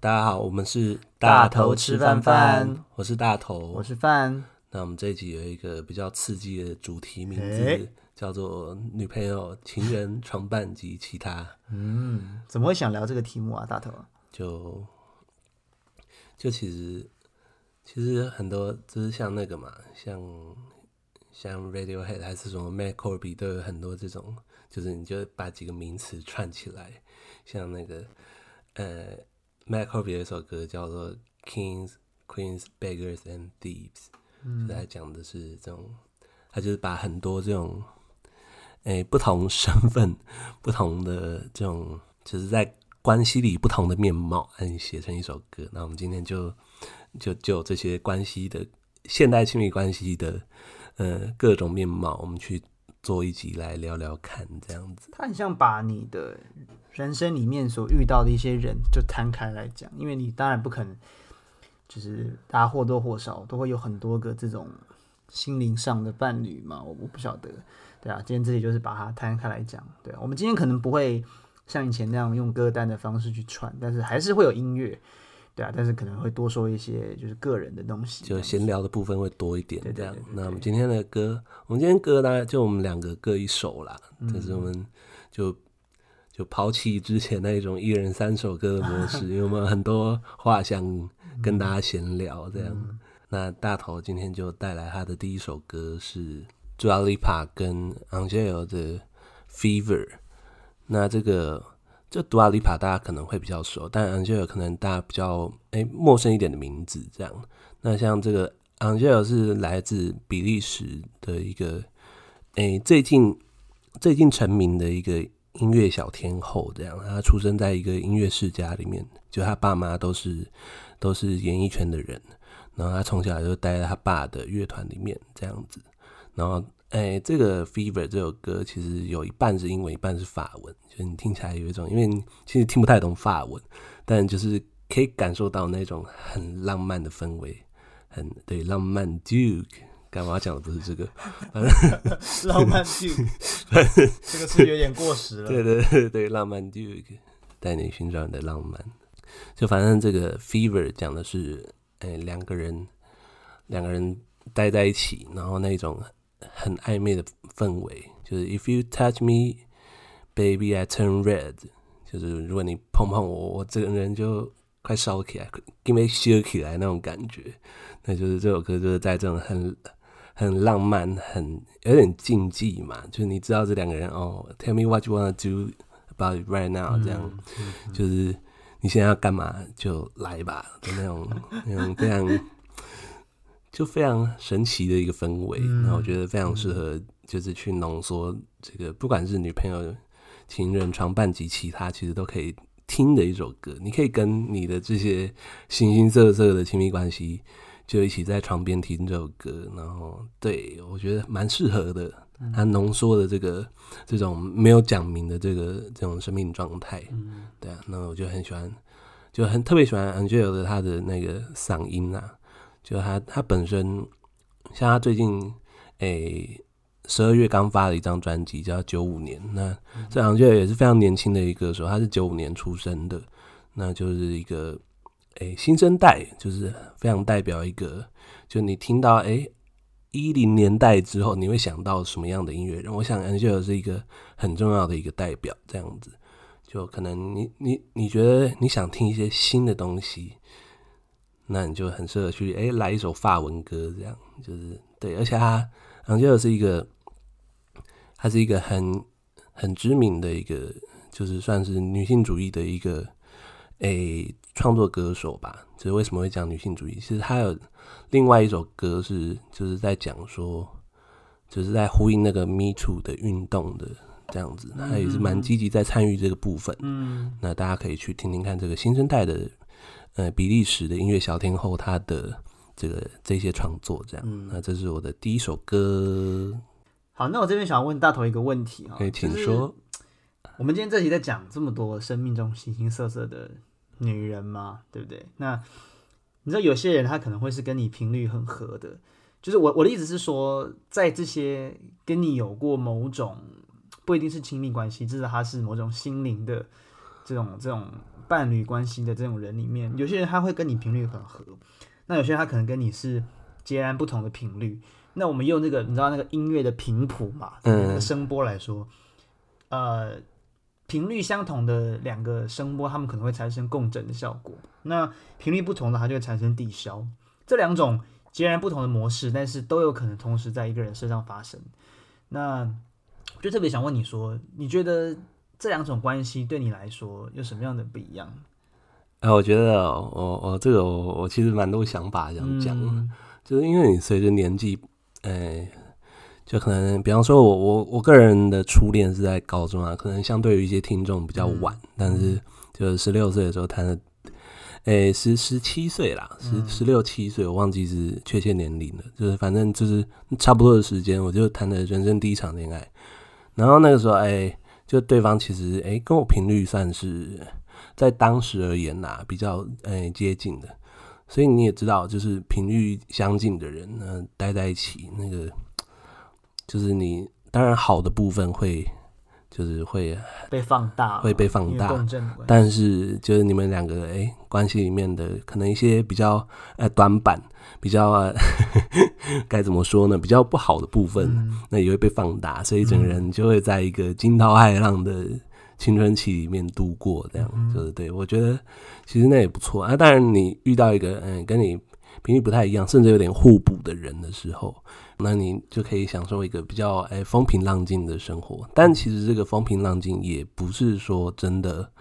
大家好，我們是大頭吃范范，范范我是大頭，我是范。那我們這一集有一個比較刺激的主題名字，欸、叫做“女朋友、情人、床伴及其他”。嗯，怎麼會想聊這個題目啊？大頭，就就其實其實很多，就是像那個嘛，像像 Radiohead 還是什麼 MacCorby 都有很多這種，就是你就把幾個名詞串起來，像那個呃。Michael 有一首歌叫做《Kings, Queens, Beggars and Thieves》，嗯、就是他講的是這種，他就是把很多這種，哎、欸，不同身份、不同的這種，就是在關係裡不同的面貌，嗯，寫成一首歌。那我們今天就就就這些關係的現代親密關係的，呃，各種面貌，我們去。做一起來聊聊看，這樣子，他很像把你的人生裡面所遇到的一些人就攤開來講，因為你當然不可能，就是大家或多或少都會有很多個這種心靈上的伴侶嘛，我我不曉得，對啊，今天這裡就是把它攤開來講，對啊，我們今天可能不會像以前那樣用歌單的方式去串，但是還是會有音樂。.對啊，但是可能會多說一些，就是個人的東西，的東西，就閒聊的部分會多一點。對，這樣。對對對對對，那我們今天的歌，我們今天歌呢，就我們兩個各一首啦。但就、嗯嗯、是我們就就拋棄之前那一種一人三首歌的模式，因為我們很多話想跟大家閒聊，這樣。嗯、那大頭今天就帶來他的第一首歌是 Dua Lipa 跟 Angèle 的 Fever，那這個。這 Dua Lipa 大家可能會比較熟，但 Angèle 可能大家比較誒、欸、陌生一點的名字這樣。那像這個 Angèle 是來自比利時的一個誒、欸、最近最近成名的一個音樂小天後這樣。他出生在一個音樂世家裡面，就他爸媽都是都是演藝圈的人，然後他從小就待在他爸的樂團裡面這樣子，然後。哎，這個《fever》這首歌其實有一半是英文，一半是法文，就你聽起來有一種，因為你其實聽不太懂法文，但就是可以感受到那種很浪漫的氛圍，很，對，浪漫 Duke。幹嘛講的不是這個， 浪漫 Duke， 這個詞有點過時了。 對對對，對浪漫 Duke 帶你尋找你的浪漫。就反正這個《fever》講的是，哎，兩個人兩個人待在一起，然後那種。很曖昧的氛圍，就是 If you touch me, baby, I turn red。就是如果你碰碰我，我這個人就快燒起來，因為燒起來那種感覺。那就是這首歌就是在這種很很浪漫、很有點禁忌嘛。就是你知道這兩個人哦，Tell me what you wanna do about it right now，、嗯、這樣、嗯、就是你現在要幹嘛就來吧，就那種 那種非常。就非常神奇的一個氛圍，那、嗯、我覺得非常適合，就是去濃縮這個，不管是女朋友、情人、嗯、床伴及其他，其實都可以聽的一首歌。你可以跟你的這些形形色色的親密關係，就一起在床邊聽這首歌。然後，對我覺得蠻適合的，它濃縮的這個這種沒有講明的這個這種生命狀態，嗯、對啊。那我就很喜歡，就很特別喜歡 Angèle 的他的那個嗓音啊。就他，他本身像他最近，誒、欸，十二月剛發了一張專輯，叫《九五年》。那 Angèle 也是非常年輕的一個歌手，他是九五年出生的，那就是一個誒、欸、新生代，就是非常代表一個。就你聽到誒一零年代之後，你會想到什麼樣的音樂人？我想 Angèle 是一個很重要的一個代表，這樣子，就可能你你你覺得你想聽一些新的東西。那你就很適合去哎、欸、來一首法文歌，這樣就是對，而且他 Angèle 是一個，他是一個很很知名的一個，就是算是女性主義的一個哎、欸、創作歌手吧。就是為什麼會講女性主義？其實他有另外一首歌是就是在講說，就是在呼應那個 Me Too 的運動的這樣子，他也是蠻積極在參與這個部分。嗯、那大家可以去聽聽看這個新生代的。呃，比利時的音樂小天後，她的這個這些創作，這樣，嗯。那這是我的第一首歌。好，那我這邊想要問大頭一個問題哈喔。欸，請說。我們今天這期在講這麼多生命中形形色色的女人嘛，對不對？那你知道有些人他可能會是跟你頻率很合的，就是我我的意思是說，在這些跟你有過某種不一定是親密關係，至少她是某種心靈的這種這種。伴侶關係的這種人裡面，有些人他會跟你頻率很合，那有些人他可能跟你是截然不同的頻率。那我們用那個你知道那個音樂的頻譜嘛，聲波來說，呃，頻率相同的兩個聲波，他們可能會產生共振的效果。那頻率不同的，它就會產生抵消。這兩種截然不同的模式，但是都有可能同時在一個人身上發生。那我就特別想問你說，你覺得？這兩種關係對你來說有什麼樣的不一樣？哎、呃，我覺得我我這個我我其實蠻多想法想講、啊，嗯、就是因為你隨着年紀，哎、欸，就可能比方說我我我個人的初戀是在高中啊，可能相對於一些聽眾比較晚，嗯、但是就是十六歲的時候談的，哎、欸，十十七歲啦，十十六七歲，我忘記是確切年齡了，嗯、就是反正就是差不多的時間，我就談的人生第一場戀愛，然後那個時候哎。欸就對方其實，哎，跟我頻率算是在當時而言吶，比較哎接近的，所以你也知道，就是頻率相近的人呢，待在一起，那個就是你當然好的部分會。就是會被，會被放大，會被放大。共振。但是就是你們兩個哎、欸，關係裡面的可能一些比較呃短板，比較該、呃、 怎麼說呢？比較不好的部分，嗯、那也會被放大，所以整個人就會在一個驚濤駭浪的青春期裡面度過。這樣、嗯、就是對，我覺得其實那也不錯啊。當然你遇到一個嗯、呃、跟你頻率不太一樣，甚至有點互補的人的時候。那你就可以享受一個比較誒、欸、風平浪靜的生活，但其實這個風平浪靜也不是說真的，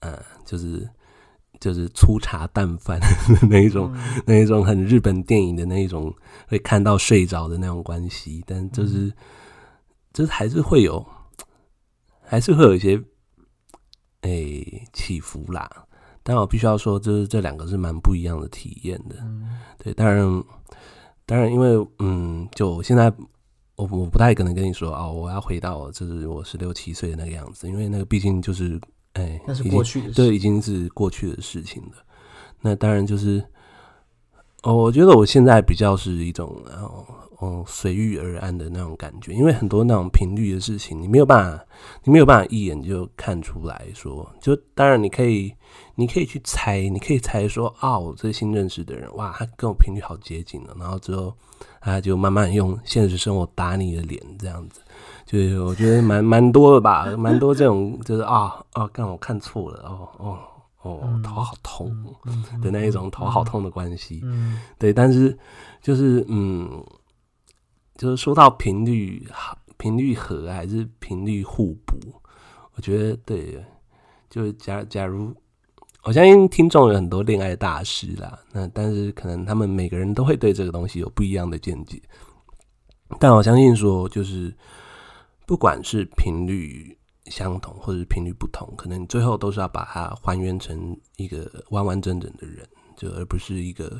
嗯、呃，就是就是粗茶淡飯那一種，嗯、那一種很日本電影的那一種會看到睡着的那種關係，但就是就是還是會有，還是會有一些哎、欸、起伏啦。但我必須要說，就是這兩個是蠻不一樣的體驗的，嗯、對，當然。當然，因為嗯，就現在我不我不太可能跟你說啊、哦，我要回到就是我十六七歲的那個樣子，因為那個畢竟就是哎，那是過去的事，這已，已經是過去的事情了。那當然就是。哦，我覺得我現在比較是一種，然後，嗯，隨遇而安的那種感覺，因為很多那種頻率的事情，你沒有辦法，你沒有辦法一眼就看出來說，就當然你可以，你可以去猜，你可以猜說，哦，我最新認識的人，哇，他跟我頻率好接近呢。然後之後，他就慢慢用現實生活打你的臉，這樣子，就是我覺得蠻蠻多的吧，蠻多這種，就是啊啊，剛我看錯了，哦哦。哦，嗯、頭好痛的那一種，頭好痛的關係，嗯、對，但是就是嗯，就是說到頻率，頻率和還是頻率互補，我覺得對，就是假假如我相信聽眾有很多戀愛大師啦，那但是可能他們每個人都會對這個東西有不一樣的見解，但我相信說就是不管是頻率。相同，或者是頻率不同，可能你最後都是要把它還原成一個完完整整的人，就而不是一個，因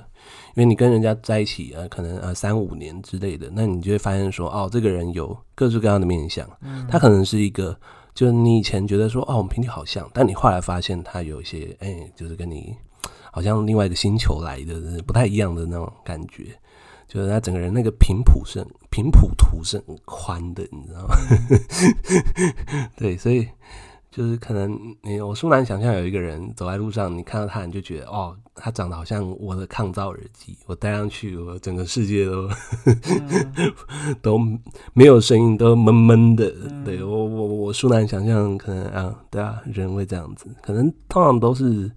為你跟人家在一起啊，可能啊三五年之類的，那你就會發現說，哦，這個人有各式各樣的面相，嗯，他可能是一個，就是你以前覺得說，哦，我們頻率好像，但你後來發現他有一些，哎、欸，就是跟你好像另外一個星球來的，不太一樣的那種感覺。就是他整個人那個頻譜是頻譜圖是很寬的，你知道嗎？ 對，所以就是可能你、欸、我舒難想象有一個人走在路上，你看到他你就覺得哦，他長得好像我的抗噪耳機，我戴上去，我整個世界都 都沒有聲音，都悶悶的。對我我我舒難想象可能啊，對啊，人會這樣子，可能通常都是。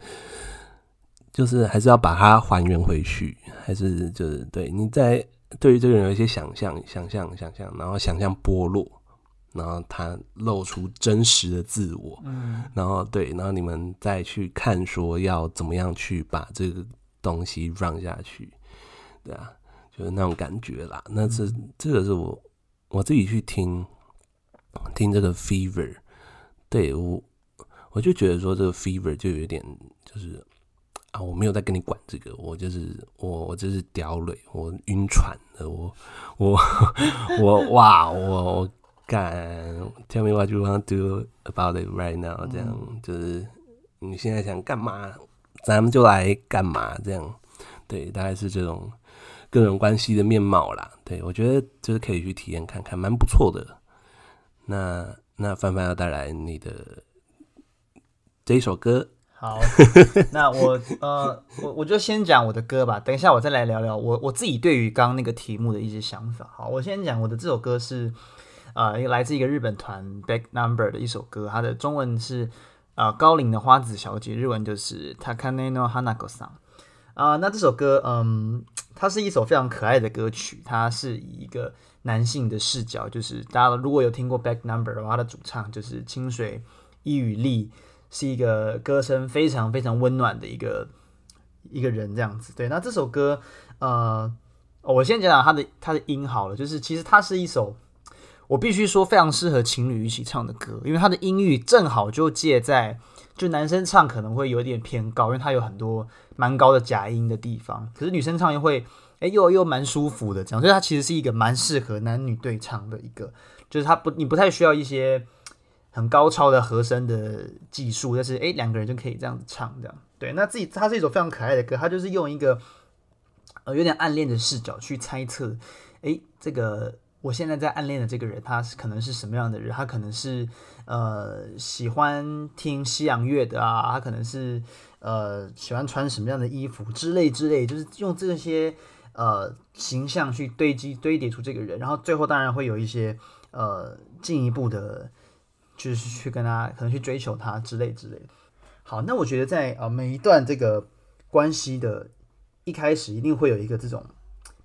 就是還是要把它還原回去，還是就是對你在對於這個人有一些想象、想象、想象然後想象剝落，然後他露出真實的自我，然後對，然後你們再去看說要怎麼樣去把這個東西讓下去，對啊，就是那種感覺啦。那這，這個是我我自己去聽聽這個 fever，對我我就覺得說這個 fever 就有點就是。啊，我沒有在跟你管這個，我就是我，我就是屌了，我暈船的，我 我我哇，我我敢，tell me what you want to do about it right now，、嗯、這樣，就是你現在想幹嘛，咱們就來幹嘛，這樣對，大概是這種各種關係的面貌啦。對我覺得就是可以去體驗看看，蠻不錯的。那那范范要帶來你的這一首歌。 好，那我呃，我我就先講我的歌吧，等一下我再來聊聊我我自己對於剛剛那個題目的一些想法。好，我先講我的這首歌是呃，來自一個日本團 Back Number 的一首歌，它的中文是啊、呃、高嶺的花子小姐，日文就是 Takane no Hanako San。啊、呃，那這首歌嗯，它是一首非常可愛的歌曲，它是以一個男性的視角，就是大家如果有聽過 Back Number 的話，它的主唱就是清水依與吏。是一個歌聲非常非常溫暖的一個一個人這樣子，對。那這首歌，呃，我先講講他的他的音好了，就是其實它是一首我必須說非常適合情侶一起唱的歌，因為它的音域正好就介在，就男生唱可能會有點偏高，因為它有很多蠻高的假音的地方，可是女生唱也會誒又會哎又又蠻舒服的這樣，所以它其實是一個蠻適合男女對唱的一個，就是他不你不太需要一些很高超的和聲的技術，但是誒，兩個人就可以這樣子唱，這樣對。那自己，他是一首非常可愛的歌，他就是用一個呃有點暗戀的視角去猜測，誒這個我現在在暗戀的這個人，他可能是什麼樣的人？他可能是呃喜歡聽西洋樂的啊，他可能是呃喜歡穿什麼樣的衣服之類之類，就是用這些呃形象去堆積堆疊出這個人，然後最後當然會有一些呃進一步的。就是去去跟他可能去追求他之類之類的。好，那我覺得在啊、呃、每一段這個關係的一開始，一定會有一個這種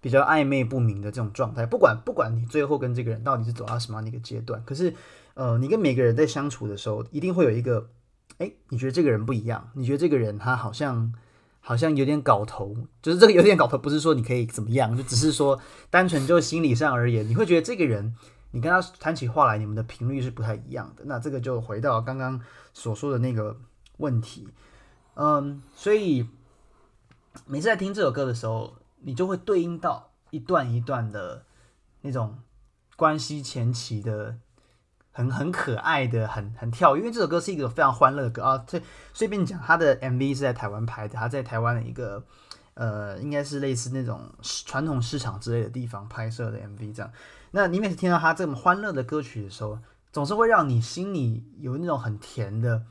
比較曖昧不明的這種狀態。不管不管你最後跟這個人到底是走到什麼樣的一個階段，可是呃你跟每個人在相處的時候，一定會有一個哎、欸，你覺得這個人不一樣，你覺得這個人他好像好像有點搞頭，就是這個有點搞頭，不是說你可以怎麼樣，就只是說單純就心理上而言，你會覺得這個人。你跟他談起話來，你們的頻率是不太一樣的。那這個就回到剛剛所說的那個問題，嗯，所以每次在聽這首歌的時候，你就會對應到一段一段的那種關係前期的很很可愛的、很很跳躍。因為這首歌是一個非常歡樂歌啊，這隨便講，他的 MV 是在台灣拍的，他在台灣的一個呃，應該是類似那種傳統市場之類的地方拍攝的 MV 這樣。那你每次聽到他這麼歡樂的歌曲的時候，總是會讓你心裡有那種很甜的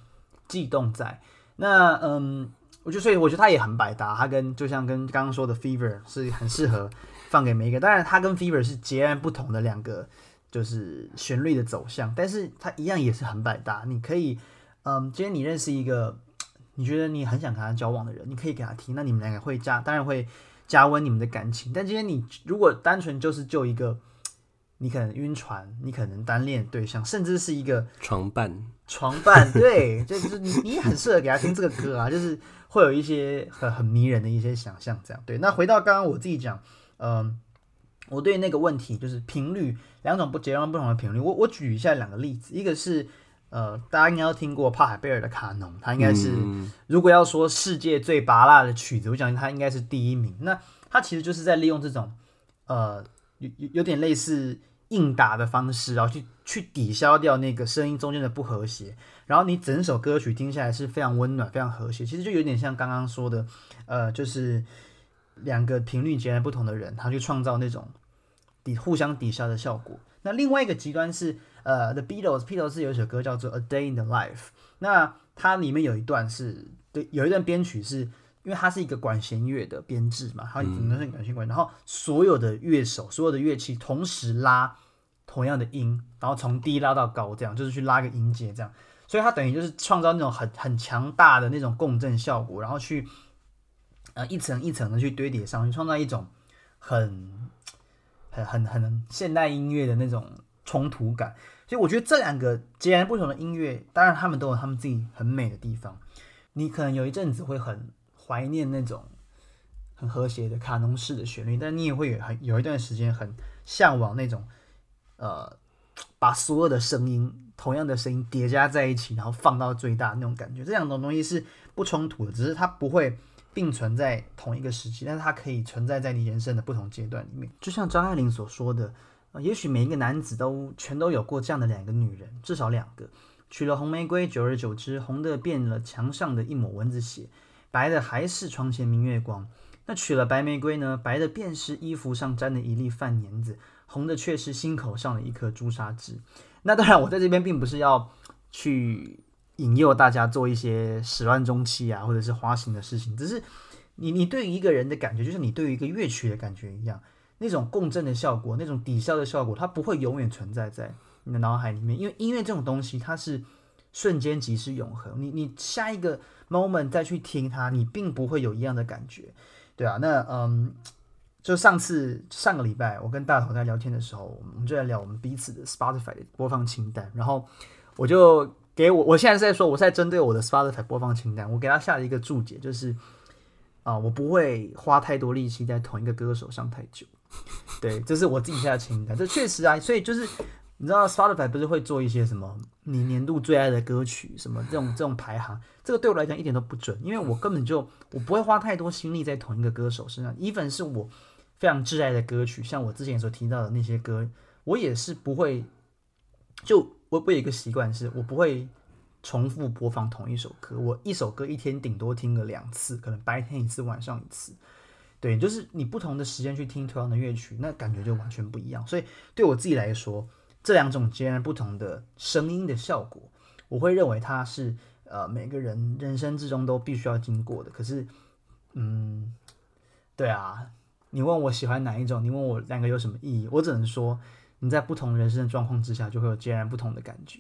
悸動在。那嗯，我就所以我覺得他也很百搭，他跟就像跟剛剛說的《Fever》是很適合放給每一個。當然，他跟《Fever》是截然不同的兩個，就是旋律的走向。但是，他一樣也是很百搭。你可以，嗯，今天你認識一個，你覺得你很想跟他交往的人，你可以給他聽，那你們兩個會加，當然會加溫你們的感情。但今天你如果單純就是就一個。你可能暈船，你可能單戀對象，甚至是一個床伴扮，床伴，對， 就是你，你很適合給他聽這個歌啊， 就是會有一些很很迷人的一些想象，這樣。對，那回到剛剛我自己講，嗯、呃，我對那個問題就是頻率，兩種不截然不同的頻率，我我舉一下兩個例子，一個是呃，大家應該都聽過帕海貝爾的卡農，它應該是、嗯、如果要說世界最芭樂的曲子，我想它應該是第一名。那它其實就是在利用這種呃。有有有點類似硬打的方式，然後去去抵消掉那個聲音中間的不和諧，然後你整首歌曲聽下來是非常溫暖、非常和諧。其實就有點像剛剛說的，呃，就是兩個頻率截然不同的人，他去創造那種抵互相抵消的效果。那另外一個極端是，呃，The Beatles，Beatles Beatles 有一首歌叫做《A Day in the Life》，那它裡面有一段是對，有一段編曲是。因為它是一個管弦樂的編製嘛，它只能是管弦管，嗯、然後所有的樂手、所有的樂器同時拉同樣的音，然後從低拉到高，這樣就是去拉個音階這樣，所以它等於就是創造那種很很強大的那種共振效果，然後去呃一層一層的去堆疊上去，創造一種很很很很現代音樂的那種衝突感。所以我覺得這兩個截然不同的音樂，當然他們都有他們自己很美的地方，你可能有一陣子會很。懷念那種很和諧的卡農式的旋律，但你也會有很有一段時間很向往那種，呃，把所有的聲音、同樣的聲音疊加在一起，然後放到最大那種感覺。這兩種東西是不衝突的，只是它不會並存在同一個時期，但是它可以存在在你人生的不同階段裡面。就像張愛玲所說的，呃，也許每一個男子都全都有過這樣的兩個女人，至少兩個。娶了紅玫瑰，久而久之，紅的變了牆上的一抹蚊子血。白的還是床前明月光，那娶了白玫瑰呢？白的便是衣服上沾的一粒飯粘子，紅的卻是心口上的一顆朱砂痣。那當然，我在這邊並不是要去引誘大家做一些始亂終棄啊，或者是花心的事情。只是你，你你對於一個人的感覺，就像你對於一個樂曲的感覺一樣，那種共振的效果，那種抵消的效果，它不會永遠存在在你的腦海裡面，因為音樂這種東西，它是。瞬間即是永恆。你你下一個 moment 再去聽它，你並不會有一樣的感覺，對啊。那嗯，就上次就上個禮拜我跟大頭在聊天的時候，我們就在聊我們彼此的 Spotify 播放清單。然後我就給我，我現在在說，我在針對我的 Spotify 播放清單，我給他下了一個注解，就是啊、呃，我不會花太多力氣在同一個歌手上太久。對，這是我自己下的清單。這確實啊，所以就是。你知道，Spotify 不是會做一些什麼你年度最愛的歌曲什麼這種、這種排行？這個對我來講一點都不準，因為我根本就我不會花太多心力在同一個歌手身上。Even 是我非常摯愛的歌曲，像我之前所聽到的那些歌，我也是不會。就我我有一個習慣，是我不會重複播放同一首歌。我一首歌一天頂多聽個兩次，可能白天一次，晚上一次。對，就是你不同的時間去聽同樣的樂曲，那感覺就完全不一樣。所以對我自己來說，這兩種截然不同的聲音的效果，我會認為它是呃每個人人生之中都必須要經過的。可是，嗯，對啊，你問我喜歡哪一種？你問我兩個有什麼意義？我只能說，你在不同人生的狀況之下，就會有截然不同的感覺。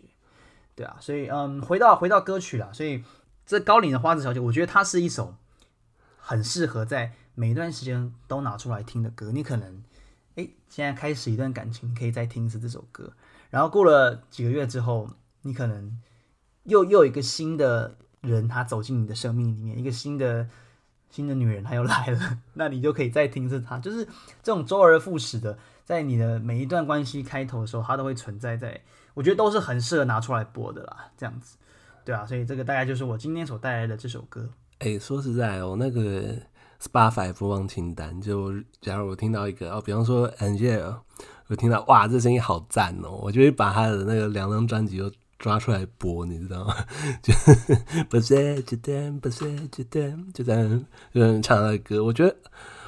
對啊，所以嗯，回到回到歌曲啦。所以這高嶺的花子小姐，我覺得它是一首很適合在每段時間都拿出來聽的歌。你可能。誒，現在開始一段感情，可以再聽一次這首歌。然後過了幾個月之後，你可能又又有一個新的人，他走進你的生命裡面，一個新的新的女人，他又來了，那你就可以再聽一次他。就是這種周而復始的，在你的每一段關係開頭的時候，它都會存在在。我覺得都是很適合拿出來播的啦，這樣子，對啊。所以這個大概就是我今天所帶來的這首歌。哎，說實在哦，那個。Spotify 播放清單，就假如我聽到一個哦，比方說 Angèle，我聽到哇，這聲音好讚哦，我就會把他的那個兩張專輯又抓出來播，你知道嗎？就不是 就端，不是就端，就這樣，就這唱他的歌。我覺得，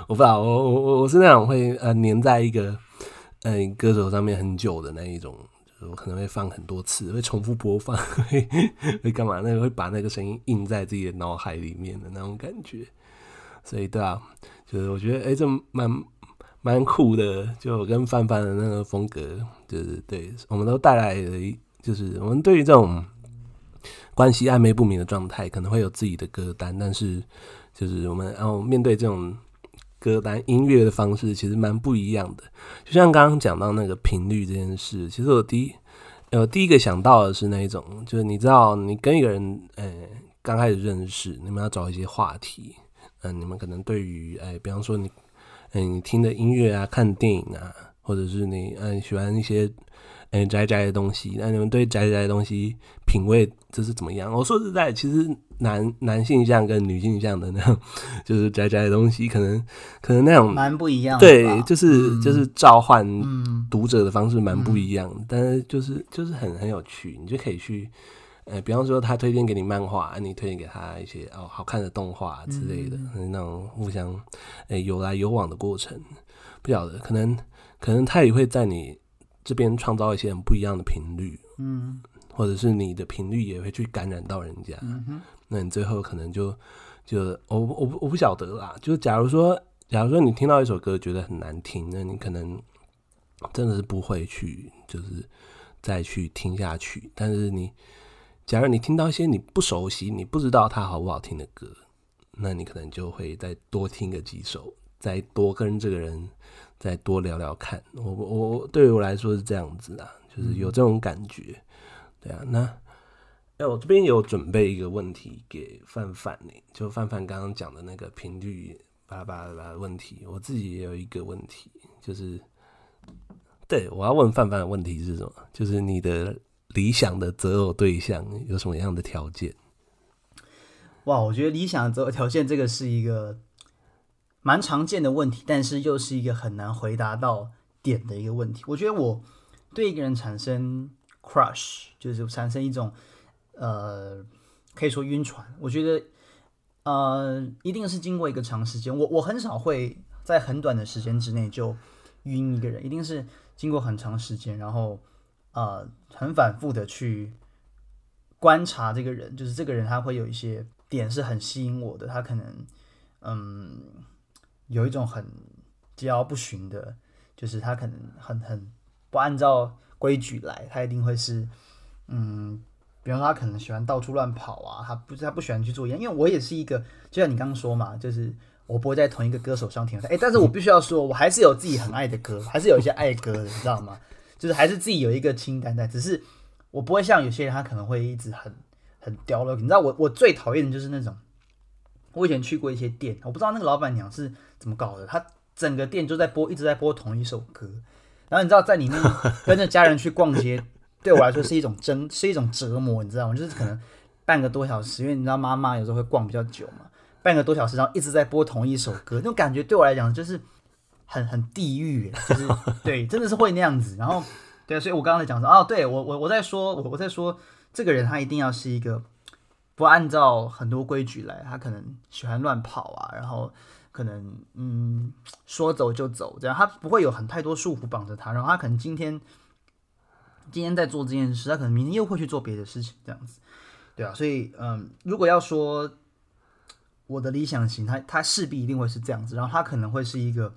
我不知道，我我我我是那種會呃粘在一個嗯、呃、歌手上面很久的那一種，就是我可能會放很多次，會重複播放，會會幹嘛？那個會把那個聲音印在自己的腦海裡面的那種感覺。所以對啊，就是我覺得哎、欸，這蠻蠻酷的，就跟范范的那個風格，就是對，我們都帶來了一，就是我們對於這種關係曖昧不明的狀態，可能會有自己的歌單，但是就是我們然後面對這種歌單音樂的方式，其實蠻不一樣的。就像剛剛講到那個頻率這件事，其實我第一呃第一個想到的是那一種，就是你知道你跟一個人呃、欸，剛開始認識，你們要找一些話題。嗯、呃，你們可能對於哎、呃，比方說你，嗯、呃，你聽的音樂啊，看電影啊，或者是你嗯、呃、喜歡一些嗯宅宅的東西，那、呃呃、你們對宅宅的東西品味這是怎麼樣？我說實在，其實男男性向跟女性向的那種，就是宅宅的東西，可能可能那種蠻不一樣的，對，就是就是召喚讀者的方式蠻不一樣的，嗯、但是就是就是很很有趣，你就可以去。呃、哎，比方說他推薦給你漫畫，你推薦給他一些哦好看的動畫之類的，嗯、哼那種互相誒、哎、有來有往的過程，不曉得，可能可能他也會在你這邊創造一些很不一樣的頻率，嗯哼，或者是你的頻率也會去感染到人家，嗯、哼那你最後可能就就我我我不曉得啦，就假如說假如說你聽到一首歌覺得很難聽，那你可能真的是不會去就是再去聽下去，但是你。假如你聽到一些你不熟悉、你不知道他好不好聽的歌，那你可能就會再多聽個幾首，再多跟這個人再多聊聊看。我我我，對於我來說是這樣子啊，嗯、就是有這種感覺，對啊。那哎，欸、我這邊有準備一個問題給范范呢、欸，就范范剛剛講的那個頻率巴拉巴拉的問題，我自己也有一個問題，就是對我要問范范的問題是什麼？就是你的。理想的擇偶對象有什麼樣的條件？哇，我覺得理想的擇偶條件這個是一個蠻常見的問題，但是又是一個很難回答到點的一個問題。我覺得我對一個人產生 crush，就是產生一種呃，可以說暈船。我覺得呃，一定是經過一個長時間，我我很少會在很短的時間之內就暈一個人，一定是經過很長時間，然後。啊、呃，很反覆的去觀察這個人，就是這個人他會有一些點是很吸引我的。他可能，嗯，有一種很桀驁不馴的，就是他可能很很不按照規矩來。他一定會是，嗯，比方說他可能喜歡到處亂跑啊，他不他不喜歡去做，因為我也是一個，就像你剛剛說嘛，就是我不會在同一個歌手上停留。哎，但是我必須要說，我還是有自己很愛的歌，還是有一些愛歌的，你知道嗎？就是還是自己有一個清單在，只是我不會像有些人，他可能會一直很很刁了。你知道我我最討厭的就是那種，我以前去過一些店，我不知道那個老板娘是怎麼搞的，她整個店就在播，一直在播同一首歌。然後你知道在裡面跟着家人去逛街， 對我來說是一種真是一種折磨，你知道嗎？就是可能半個多小時，因為你知道媽媽有時候會逛比較久嘛，半個多小時，然後一直在播同一首歌，那種感覺對我來講就是。很很地獄，就是對，真的是會那樣子。然後，對，所以我剛剛在講說，哦，對我我我在說，我我在說，這個人他一定要是一個不按照很多規矩來，他可能喜歡亂跑啊，然後可能嗯，說走就走這樣，他不會有很太多束縛綁着他，然後他可能今天今天在做這件事，他可能明天又會去做別的事情這樣子，對啊，所以嗯，如果要說我的理想型他，他他勢必一定會是這樣子，然後他可能會是一個。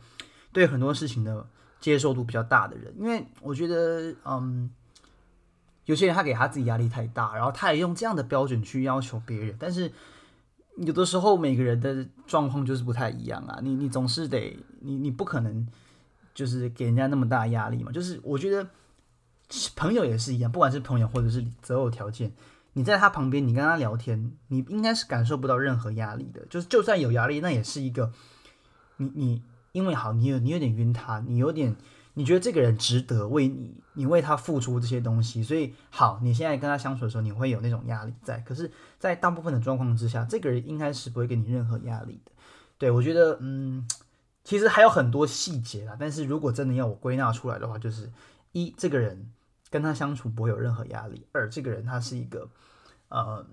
對很多事情的接受度比較大的人，因為我覺得，嗯，有些人他給他自己壓力太大，然後他也用這樣的標準去要求別人。但是有的時候每個人的狀況就是不太一樣啊，你你總是得你你不可能就是給人家那麼大壓力嘛。就是我覺得朋友也是一樣，不管是朋友或者是擇偶條件，你在他旁邊，你跟他聊天，你應該是感受不到任何壓力的。就是就算有壓力，那也是一個你你。你因為好，你有你有點暈他，你有點，你覺得這個人值得為你，你為他付出這些東西，所以好，你現在跟他相處的時候，你會有那種壓力在。可是，在大部分的狀況之下，這個人應該是不會給你任何壓力的。對，我覺得，嗯，其實還有很多細節啦。但是如果真的要我歸納出來的話，就是一，這個人跟他相處不會有任何壓力；二，這個人他是一個呃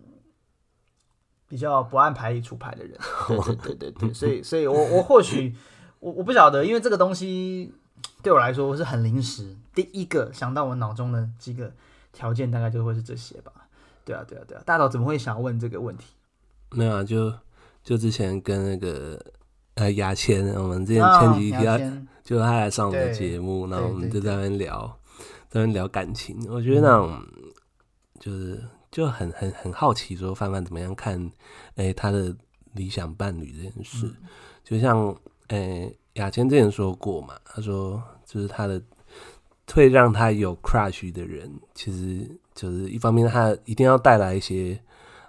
比較不按牌理出牌的人。對對對，對，對 所，所以所以我我或許。我我不曉得，因為這個東西對我來說，我是很臨時。第一個想到我腦中的幾個條件，大概就會是這些吧。對啊，對啊，對啊！大頭怎麼會想問這個問題？沒有啊，就就之前跟那個呃牙籤，我們之前前幾期，啊哦、就他來上我們的節目，對然後我們就在那邊聊，對對對對在那邊聊感情。我覺得那種、嗯、就是就很很很好奇，說范范怎麼樣看，哎、欸、他的理想伴侶這件事，嗯、就像。誒、哎，雅倩之前說過嘛，他說就是他的，會讓他有 crush 的人，其實就是一方面他一定要帶來一些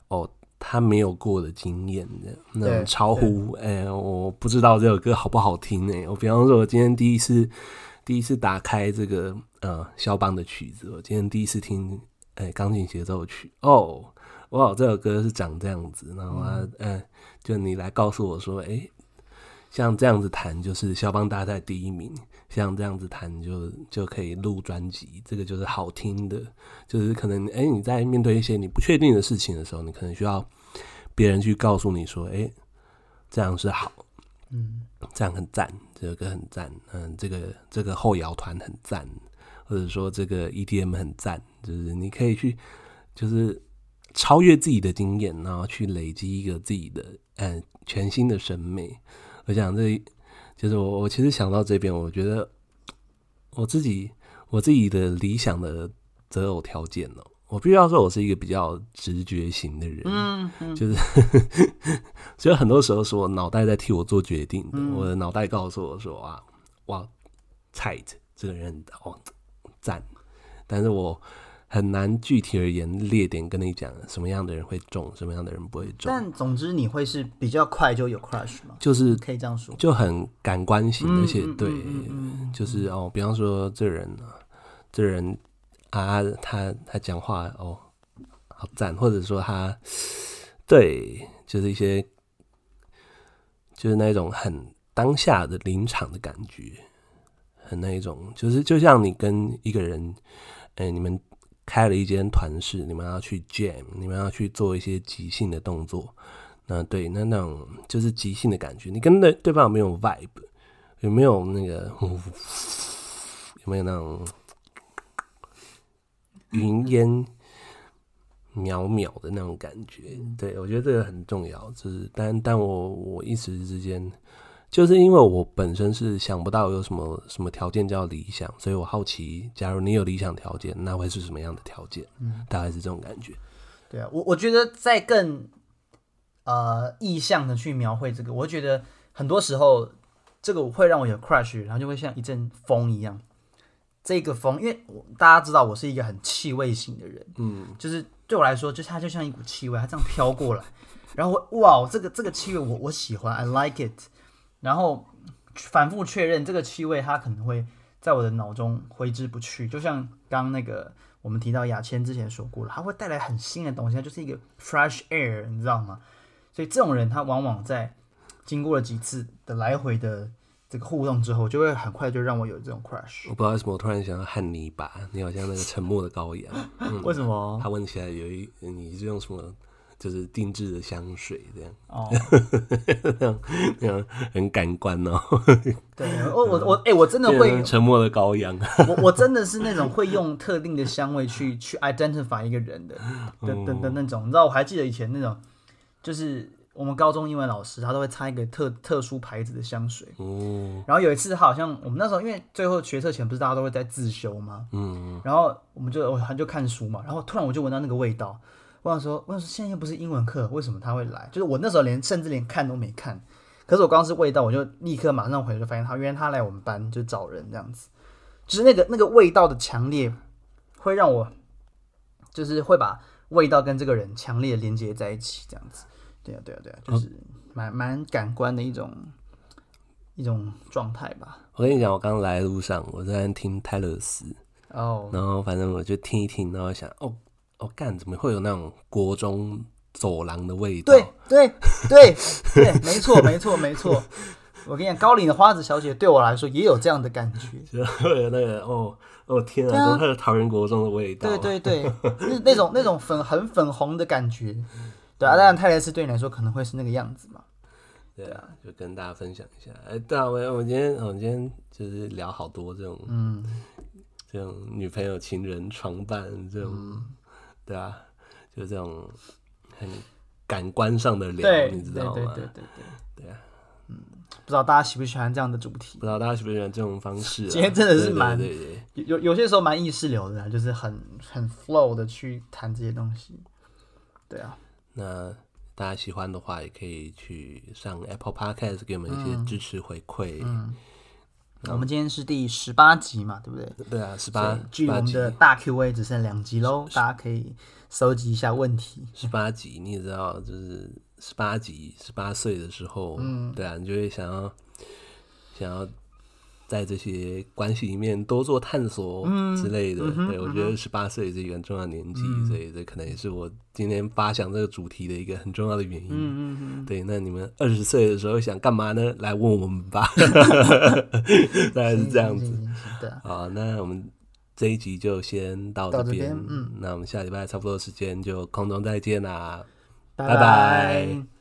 哦他沒有過的經驗的，那超乎誒、哎，我不知道這首歌好不好聽哎、欸，我比方說我今天第一次第一次打開這個呃、肖邦的曲子，我今天第一次聽誒，哎、鋼琴協奏曲哦哇這首歌是長這樣子，然後他嗯、哎、就你來告訴我說哎。像這樣子彈就是肖邦大賽第一名，像這樣子彈就就可以錄專輯，這個就是好聽的。就是可能誒、欸、你在面對一些你不確定的事情的時候，你可能需要別人去告訴你說，哎、欸，這樣是好，嗯，這樣很讚，這個很讚，嗯，這個這個後搖團很讚，或者說這個 EDM 很讚，就是你可以去，就是超越自己的經驗，然後去累積一個自己的嗯、呃、全新的審美。我想這，這就是我。我其實想到這邊，我覺得我自己我自己的理想的擇偶條件哦、喔。我必須要說，我是一個比較直覺型的人，嗯嗯，嗯就是呵呵所以很多時候是我腦袋在替我做決定的，我的腦袋告訴我說啊，哇，蔡這個人哦讚，但是我。很難具體而言，列點跟你講什麼樣的人會中，什麼樣的人不會中。但總之你會是比較快就有 crush 嗎？就是可以這樣說，就很感官型的一些，而且、嗯、對，嗯嗯嗯、就是哦，比方說這人，這人啊，這個、人啊他他講話哦好讚，或者說他對，就是一些就是那一種很當下的臨場的感覺，很那一種，就是就像你跟一個人，哎、欸，你們。開了一間團室，你們要去 jam，你們要去做一些即興的動作。那對，那那種就是即興的感覺。你跟對對方有沒有 vibe，有沒有那個，有沒有那種雲煙渺渺的那種感覺？對我覺得這個很重要。就是，但但我我一時之間。就是因為我本身是想不到有什麼什麼條件叫理想，所以我好奇，假如你有理想條件，那會是什麼樣的條件？嗯，大概是這種感覺。對啊，我我覺得在更呃意象的去描繪這個，我覺得很多時候這個會讓我有 crush，然後就會像一陣風一樣。這個風，因為大家知道我是一個很氣味型的人，嗯，就是對我來說，就是、它就像一股氣味，它這樣飄過來，然後我哇，這個這個氣味我我喜歡，I like it。然後反覆確認這個氣味，它可能會在我的腦中揮之不去。就像剛那個我們提到牙籤之前說過了，它會帶來很新的東西，它就是一個 fresh air，你知道嗎？所以這種人他往往在經過了幾次的來回的這個互動之後，就會很快就讓我有這種 crush。我不知道為什麼我突然想到漢尼拔，你好像那個沉默的羔羊。 為什麼、嗯？他問起來有一你是用什麼？就是定製的香水這、oh. 這，這樣，哦，樣，這很感官哦、喔。 對，我我哎、欸，我真的會沉默的羔羊。 我我真的是那種會用特定的香味去去 identify 一個人的的的，嗯、那種。你知道，我還記得以前那種，就是我們高中英文老師他都會擦一個特特殊牌子的香水。哦、嗯。然後有一次，他好像我們那時候因為最後學測前不是大家都會在自修嘛，嗯然後我們就我就看書嘛，然後突然我就聞到那個味道。我想說：“我想說，現在又不是英文課，為什麼他會來？就是我那時候連甚至連看都沒看，可是我剛剛是味道，我就立刻馬上回，就發現他，原來他來我們班就找人這樣子，就是那個那個味道的強烈，會讓我就是會把味道跟這個人強烈連接在一起，這樣子，對啊，對啊，對啊，對啊就是蠻、嗯、蠻感官的一種一種狀態吧。”我跟你講，我剛來的路上，我在聽泰勒斯哦，然後反正我就聽一聽，然後想哦。我幹、哦，怎麼會有那種國中走廊的味道？對對對對，沒錯 沒錯沒錯。 我跟你講，高嶺的花子小姐對我來說也有這樣的感覺。就那個哦哦天啊，那、啊、是桃園國中的味道，啊。對對對，那那種那種粉很粉紅的感覺。 對啊，當然泰萊斯對你來說可能會是那個樣子嘛。對啊，就跟大家分享一下。哎，對啊，我我今天我今天就是聊好多這種嗯這種女朋友情人床伴這種、嗯。對啊，就是這種很感官上的聊，對你知道嗎？對對對對對。對啊，嗯，不知道大家喜不喜歡這樣的主題？不知道大家喜不喜歡這種方式、啊？今天真的是蠻對對對對對有有些時候蠻意識流的，就是很很 flow 的去談這些東西。對啊，那大家喜歡的話，也可以去上 Apple Podcast 給我們一些支持回饋。嗯嗯 Um, 我們今天是第十八集嘛，對不對？對啊，十八集。距離我們的大 Q A 只剩兩集嘍，18, 大家可以搜集一下問題。十八集，你也知道，就是十八集，十八歲的時候，嗯，對啊，你就會想要想要。在這些關係裡面多做探索之類的，嗯、對，嗯、我覺得十八歲是一個重要年紀，嗯、所以這可能也是我今天發想這個主題的一個很重要的原因。嗯嗯嗯、對，那你們二十歲的時候想幹嘛呢？來問我們吧，大概 是這樣子。好，那我們這一集就先到這邊。這邊嗯、那我們下禮拜差不多時間就空中再見啦、啊，拜拜。拜拜。